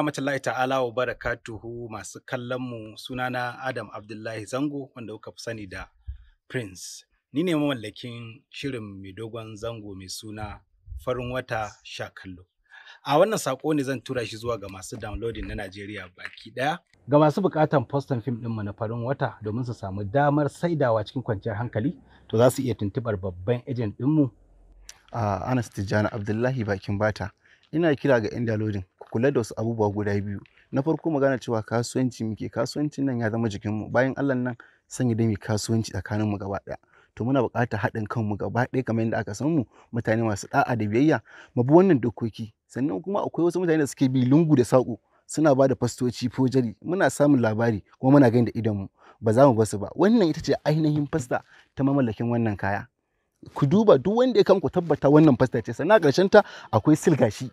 Rahmatullahi ta'ala wa barakatuhu masu kallon mu sunana Adam Abdullahi Zango wanda kuka fi sani da Prince. Ni ne mamallakin shirin mai dogon zango mai suna farin wata sha kallo. A wannan saƙo ne zan tura shi zuwa ga masu downloading na Najeriya baki ɗaya? Ga masu bukatan postan fim ɗinmu na farin wata domin su samu damar saidawa cikin kwanciyar hankali to za su iya tuntubar babban ejen ɗinmu. Uh, Anas Tijjani Abdullahi bakin bata. Ina kira ga 'yan downloading kula da wasu abubuwa guda biyu na farko magana cewa kasuwanci muke Kasuwanci nan ya zama jikinmu bayan allah nan sanya da mai kasuwanci tsakanin mu gaba ɗaya to muna buƙatar haɗin kanmu gaba ɗaya kamar yadda aka san mu mutane masu ɗa'a da biyayya mu bi wannan dokoki sannan kuma akwai wasu mutane da suke bi lungu da saƙo suna ba da fastoci fojari muna samun labari kuma muna gani da idonmu ba za mu basu ba wannan ita ce ainihin fasta ta mamallakin wannan kaya ku duba duk wanda ya kan ku tabbata wannan fasta ce sannan a ƙarshen ta akwai silgashi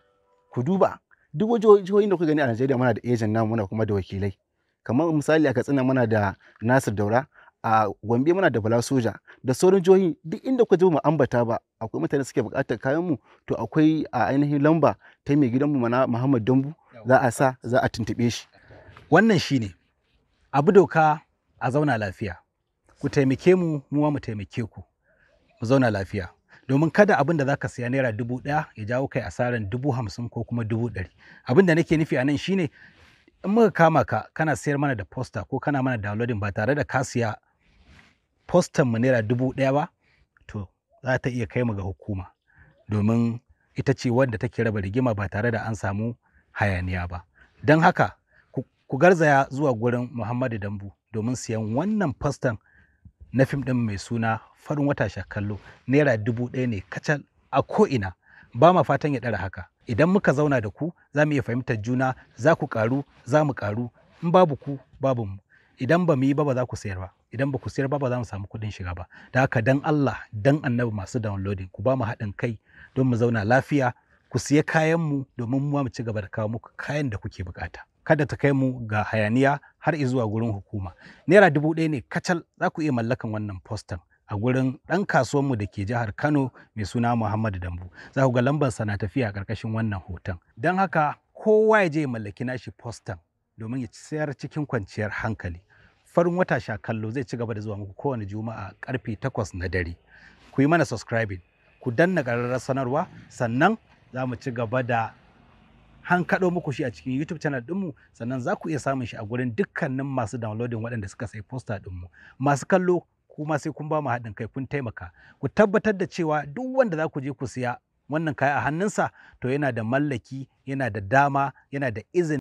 ku duba duk jihohin da kuka gani a Najeriya muna da ejen namu muna kuma da wakilai kamar misali a Katsina muna da Nasir Daura a Gombe muna da Bala Soja da sauran jihohi duk inda kuka ji mu ambata ba akwai mutane suke buƙatar kayan mu to akwai a ainihin lamba ta mai gidan mu mana Muhammad Dambu za a sa za a tuntube shi wannan shine abu doka a zauna lafiya ku taimake mu mu mu taimake ku mu zauna lafiya domin kada abin da za ka siya naira dubu ɗaya ya jawo kai asarar dubu hamsin ko kuma dubu ɗari abin da nake nufi a nan shine in muka kama ka kana sayar mana da poster ko kana mana downloading ba tare da ka siya poster mu naira dubu ɗaya ba to za ta iya kai mu ga hukuma domin ita ce wadda take raba rigima ba tare da an samu hayaniya ba don haka ku garzaya zuwa gurin muhammadu dambu domin siyan wannan fostan. na fim ɗin mai suna farin wata shakallo naira dubu ɗaya ne kacal a ko ina ba ma fatan ya ɗara haka idan muka zauna da ku za mu iya fahimtar juna za ku ƙaru za mu ƙaru in babu ku babu mu idan ba mu yi ba ba za ku sayar ba idan ba ku sayar ba ba za mu samu kuɗin shiga ba da haka dan Allah dan annabi masu downloading ku ba mu haɗin kai don mu zauna lafiya ku siya kayan mu domin mu ci gaba da kawo muku kayan da kuke bukata kada ta kai mu ga hayaniya har zuwa gurin hukuma naira dubu ɗaya ne kacal za ku iya mallakan wannan postan a gurin ɗan kasuwanmu da ke jihar kano mai suna muhammadu dambu za ku ga lambarsa sana tafiya a ƙarƙashin wannan hoton don haka kowa ya je ya mallaki nashi postan domin ya sayar cikin kwanciyar hankali farin wata sha kallo zai ci gaba da zuwa muku kowane juma'a karfe takwas na dare ku yi mana subscribing ku danna ƙararrar sanarwa sannan za mu ci gaba da kaɗo muku shi a cikin YouTube channel ɗinmu sannan za ku iya samun shi a gurin dukkanin masu downloading waɗanda suka sai poster ɗinmu. Masu kallo kuma sai kun ba mu haɗin kai kun taimaka. Ku tabbatar da cewa duk wanda za ku je ku siya wannan kaya a hannunsa to yana da mallaki, yana da dama, yana da izini.